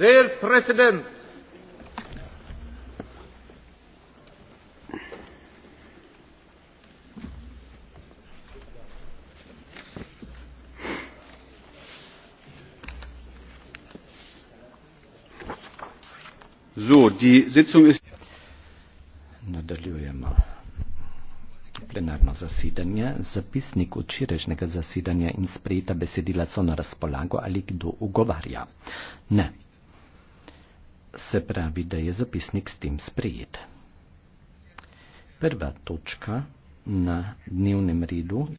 Dear President, So, die Sitzung ist. Nadaljujemo. Plenarno zasedanje, zapisnik včerajšnjega zasedanja in sprejeta besedila so na razpolago ali kdo ugovarja. Ne, se pravi, da je zapisnik s tem sprejet. Prva točka na dnevnem redu